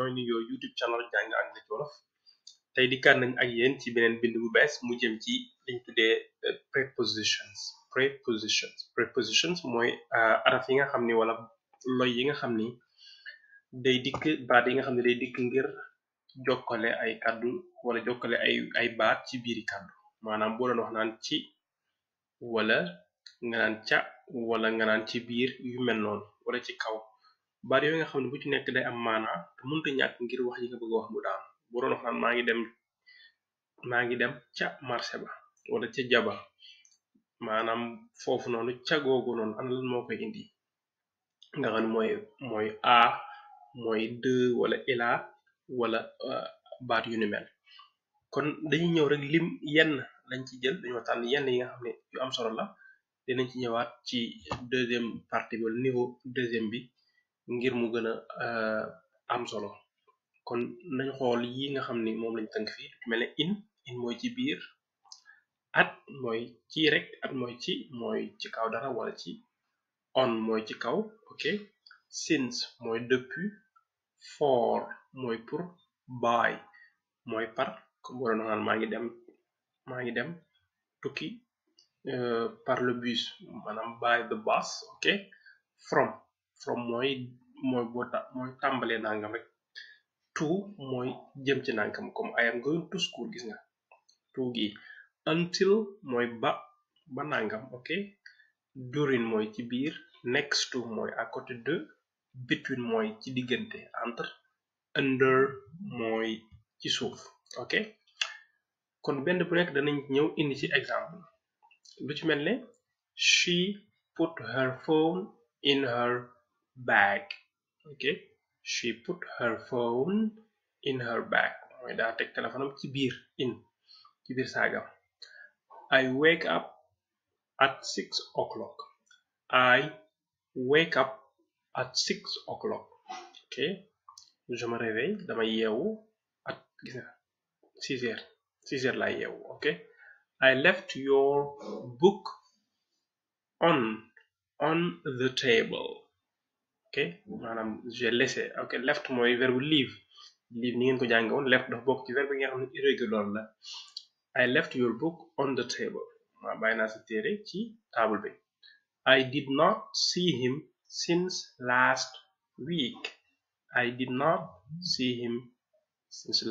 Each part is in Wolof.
ñooy ni yooyu YouTube channel jàng tey dikkaat nañ ak yéen ci beneen bind bu bees mu jëm ci liñ tuddee euh, prepositions prepositions prepositions mooy euh, araf yi nga xam ni wala loy yi nga xam ni day dikk baat yi nga xam ne day dikk ngir jokkale ay kàddu wala jokkale ay ay baat ci biiri kàddu maanaam boo doon wax naan ci wala nga naan ca wala nga naan ci biir yu mel noonu wala ci kaw bari yo nga xam bu ci nek day am mana te munta ñak ngir wax yi nga bëgg wax bu daam bu ron wax ma ngi dem ma ngi dem ca marché ba wala ca jaba manam fofu nonu ca googu non ana lan moo koy indi nga xam moy moy a moy de wala ila wala uh, baat yu ni mel kon dañuy ñëw rek lim yenn lañ ci jël dañu tan yenn yi nga xam yu am solo la dinañ ci ñëwaat ci deuxième partie bi wala niveau deuxième bi ngir mu gëna a euh, am solo kon nañ xol yi nga xamni mom lañ tank fi in in moy ci bir at moy ci rek at moy ci moy ci kaw dara wala ci on moy ci kaw ok since moy depuis for moy pour by moy par ko boo doon naan ngi dem ma ngi dem tukki euh, par le bus manam by the bus ok from from moy moy bota moy mooy nangam rek to moy jëm ci nangam comme I am going to school gis nga to gi until moy ba ba nangam ok during moy ci bir next to moy à côté de between moy ci digënté entre under moy ci souf ok kon benn bu nekk new ñëw indi ci exemple lu ci she put her phone in her bag ok she put her phone in her bag mooy daa teg téléphone am ci in ci biir I wake up at six o'clock I wake up at six o'clock ok je me réveille dama yeewu at gis nga six heures six heures laa ok I left your book on on the table maanaam j'ai laissé left mooy verbe leave leave ni ngeen ko jàngoon left dafa bokk ci verbe yi nga xam ne irrégulier la I left your book on the table maa bàyyi naa sa ci table bi I did not see him since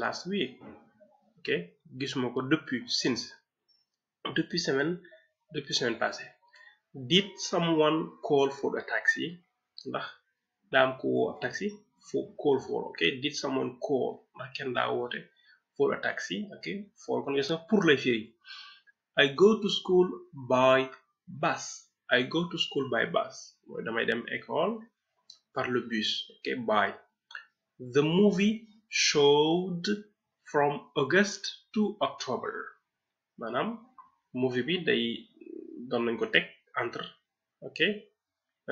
last week gisuma ko depuis since depuis semaine depuis semaine passée did someone call for a taxi ndax dam ko wo a taxi for call for okay did someone call ma kenda wote for a taxi okay for conversation pour la fille i go to school by bus i go to school by bus mooy damay dem école par le bus okay by the movie showed from august to october maanaam movie bi day doon nañ ko teg entre ok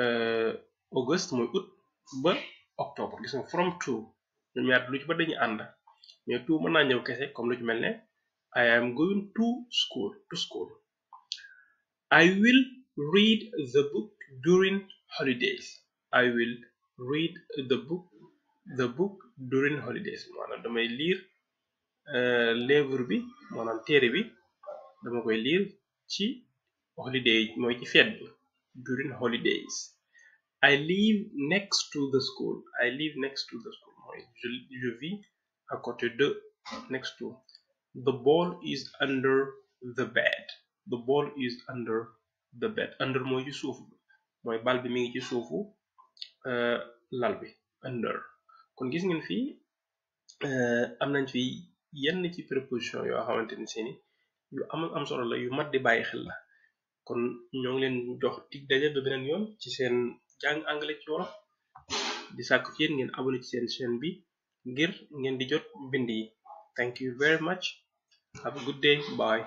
euh, august mooy août ba octobre gis nga from to ñoom ñaar lu ci ba dañuy ànd mais to mën naa ñëw kese comme lu ci mel ne I am going to school to school I will read the book during holidays I will read the book during holidays maanaam damay lire euh, livre bi maanaam téere bi dama koy lire ci holiday mooy ci fête bi during holidays I live next to the school. I live next to the school. Je, je vis à côté de, next to. The ball is under the bed. The ball is under the bed. Under moi ci suuf mooy bal bi mi ngi ci suufu euh, lal bi under. kon gis ngeen fii euh, am nañ fi yenn ci préposition yoo xamante ni seeni yu am am solo la yu mat di bàyyi xel la kon ñoo ngi leen jox dig daje ba beneen yoon ci seen. jàng angale ci wolof di sàkku ci yéen ngeen abonné ci seen chaîne bi ngir ngeen di jot mbind yi thank you very much have a good day bye